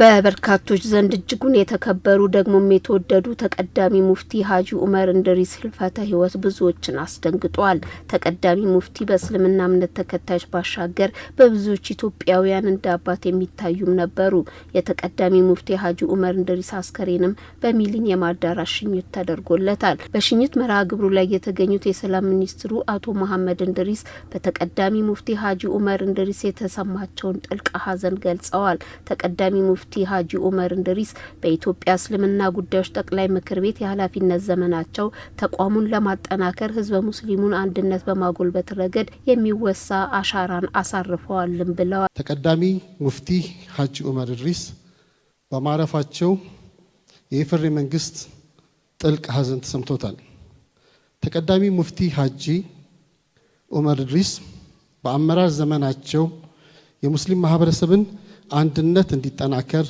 በበርካቶች ዘንድ እጅጉን የተከበሩ ደግሞም የተወደዱ ተቀዳሚ ሙፍቲ ሀጂ ኡመር እንድሪስ ህልፈተ ህይወት ብዙዎችን አስደንግጧል። ተቀዳሚ ሙፍቲ በእስልምና እምነት ተከታዮች ባሻገር በብዙዎች ኢትዮጵያውያን እንደ አባት የሚታዩም ነበሩ። የተቀዳሚ ሙፍቲ ሀጂ ኡመር እንድሪስ አስከሬንም በሚሊኒየም አዳራሽ ሽኝት ተደርጎለታል። በሽኝት መርሃ ግብሩ ላይ የተገኙት የሰላም ሚኒስትሩ አቶ መሀመድ እንድሪስ በተቀዳሚ ሙፍቲ ሀጂ ኡመር እንድሪስ የተሰማቸውን ጥልቅ ሀዘን ገልጸዋል። ተቀዳሚ ሙፍቲ ሀጂ ኡመር እንድሪስ በኢትዮጵያ እስልምና ጉዳዮች ጠቅላይ ምክር ቤት የኃላፊነት ዘመናቸው ተቋሙን ለማጠናከር ህዝበ ሙስሊሙን አንድነት በማጎልበት ረገድ የሚወሳ አሻራን አሳርፈዋልም ብለዋል። ተቀዳሚ ሙፍቲ ሀጂ ኡመር እድሪስ በማረፋቸው የኢፌዴሪ መንግስት ጥልቅ ሀዘን ተሰምቶታል። ተቀዳሚ ሙፍቲ ሀጂ ኡመር እድሪስ በአመራር ዘመናቸው የሙስሊም ማህበረሰብን አንድነት እንዲጠናከር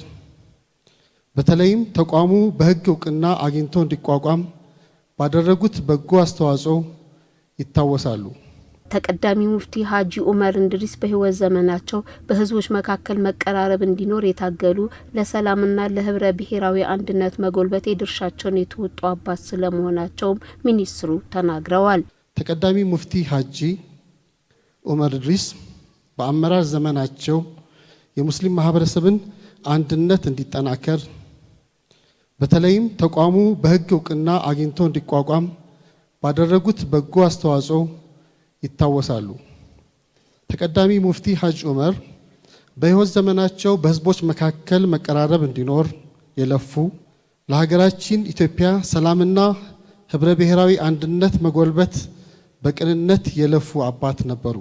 በተለይም ተቋሙ በሕግ እውቅና አግኝቶ እንዲቋቋም ባደረጉት በጎ አስተዋጽኦ ይታወሳሉ። ተቀዳሚ ሙፍቲ ሀጂ ኡመር እንድሪስ በህይወት ዘመናቸው በህዝቦች መካከል መቀራረብ እንዲኖር የታገሉ ለሰላምና ለህብረ ብሔራዊ አንድነት መጎልበት የድርሻቸውን የተወጡ አባት ስለመሆናቸውም ሚኒስትሩ ተናግረዋል። ተቀዳሚ ሙፍቲ ሀጂ ኡመር እንድሪስ በአመራር ዘመናቸው የሙስሊም ማህበረሰብን አንድነት እንዲጠናከር በተለይም ተቋሙ በህግ እውቅና አግኝቶ እንዲቋቋም ባደረጉት በጎ አስተዋጽኦ ይታወሳሉ። ተቀዳሚ ሙፍቲ ሐጅ ዑመር በሕይወት ዘመናቸው በህዝቦች መካከል መቀራረብ እንዲኖር የለፉ ለሀገራችን ኢትዮጵያ ሰላምና ህብረ ብሔራዊ አንድነት መጎልበት በቅንነት የለፉ አባት ነበሩ።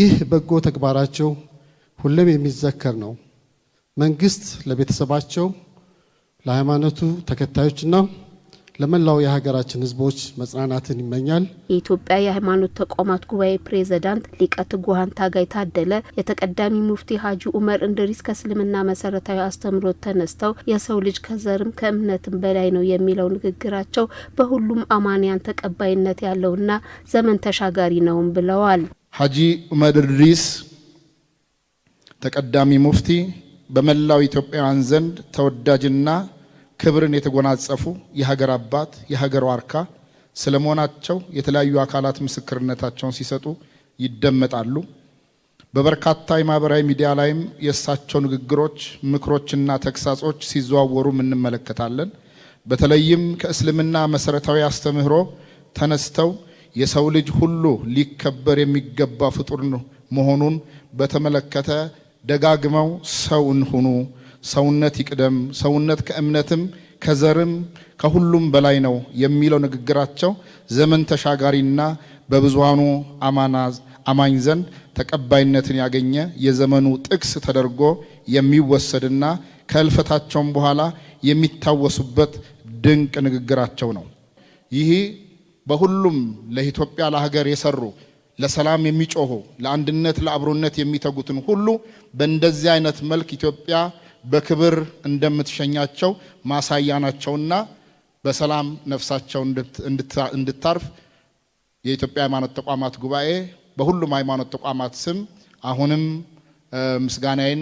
ይህ በጎ ተግባራቸው ሁሌም የሚዘከር ነው። መንግስት ለቤተሰባቸው ለሃይማኖቱ ተከታዮችና ለመላው የሀገራችን ህዝቦች መጽናናትን ይመኛል። የኢትዮጵያ የሃይማኖት ተቋማት ጉባኤ ፕሬዝዳንት ሊቀ ትጉሃን ታጋይ ታደለ የተቀዳሚ ሙፍቲ ሀጂ ኡመር እንድሪስ ከእስልምና መሰረታዊ አስተምህሮት ተነስተው የሰው ልጅ ከዘርም ከእምነትም በላይ ነው የሚለው ንግግራቸው በሁሉም አማንያን ተቀባይነት ያለውና ዘመን ተሻጋሪ ነውም ብለዋል። ሀጂ ኡመር እንድሪስ ተቀዳሚ ሙፍቲ በመላው ኢትዮጵያውያን ዘንድ ተወዳጅና ክብርን የተጎናጸፉ የሀገር አባት የሀገር ዋርካ ስለመሆናቸው የተለያዩ አካላት ምስክርነታቸውን ሲሰጡ ይደመጣሉ። በበርካታ የማህበራዊ ሚዲያ ላይም የእሳቸው ንግግሮች፣ ምክሮችና ተግሳጾች ሲዘዋወሩም እንመለከታለን። በተለይም ከእስልምና መሰረታዊ አስተምህሮ ተነስተው የሰው ልጅ ሁሉ ሊከበር የሚገባ ፍጡር መሆኑን በተመለከተ ደጋግመው ሰው እንሁኑ፣ ሰውነት ይቅደም፣ ሰውነት ከእምነትም ከዘርም ከሁሉም በላይ ነው የሚለው ንግግራቸው ዘመን ተሻጋሪና በብዙሃኑ አማኝ ዘንድ ተቀባይነትን ያገኘ የዘመኑ ጥቅስ ተደርጎ የሚወሰድና ከህልፈታቸውም በኋላ የሚታወሱበት ድንቅ ንግግራቸው ነው። ይህ በሁሉም ለኢትዮጵያ ለሀገር የሰሩ ለሰላም የሚጮሁ ለአንድነት፣ ለአብሮነት የሚተጉትን ሁሉ በእንደዚህ አይነት መልክ ኢትዮጵያ በክብር እንደምትሸኛቸው ማሳያ ናቸውና በሰላም ነፍሳቸው እንድታርፍ የኢትዮጵያ ሃይማኖት ተቋማት ጉባኤ በሁሉም ሃይማኖት ተቋማት ስም አሁንም ምስጋናዬን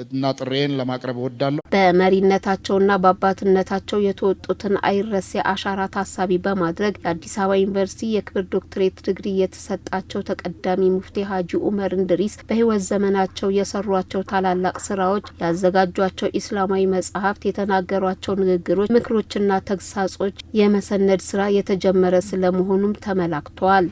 እና ጥሬን ለማቅረብ እወዳለሁ። በመሪነታቸውና በአባትነታቸው የተወጡትን አይረሴ አሻራ ታሳቢ በማድረግ የአዲስ አበባ ዩኒቨርሲቲ የክብር ዶክትሬት ድግሪ የተሰጣቸው ተቀዳሚ ሙፍቲ ሀጂ ኡመር እንድሪስ በህይወት ዘመናቸው የሰሯቸው ታላላቅ ስራዎች፣ ያዘጋጇቸው ኢስላማዊ መጽሐፍት፣ የተናገሯቸው ንግግሮች፣ ምክሮችና ተግሳጾች የመሰነድ ስራ የተጀመረ ስለመሆኑም ተመላክተዋል።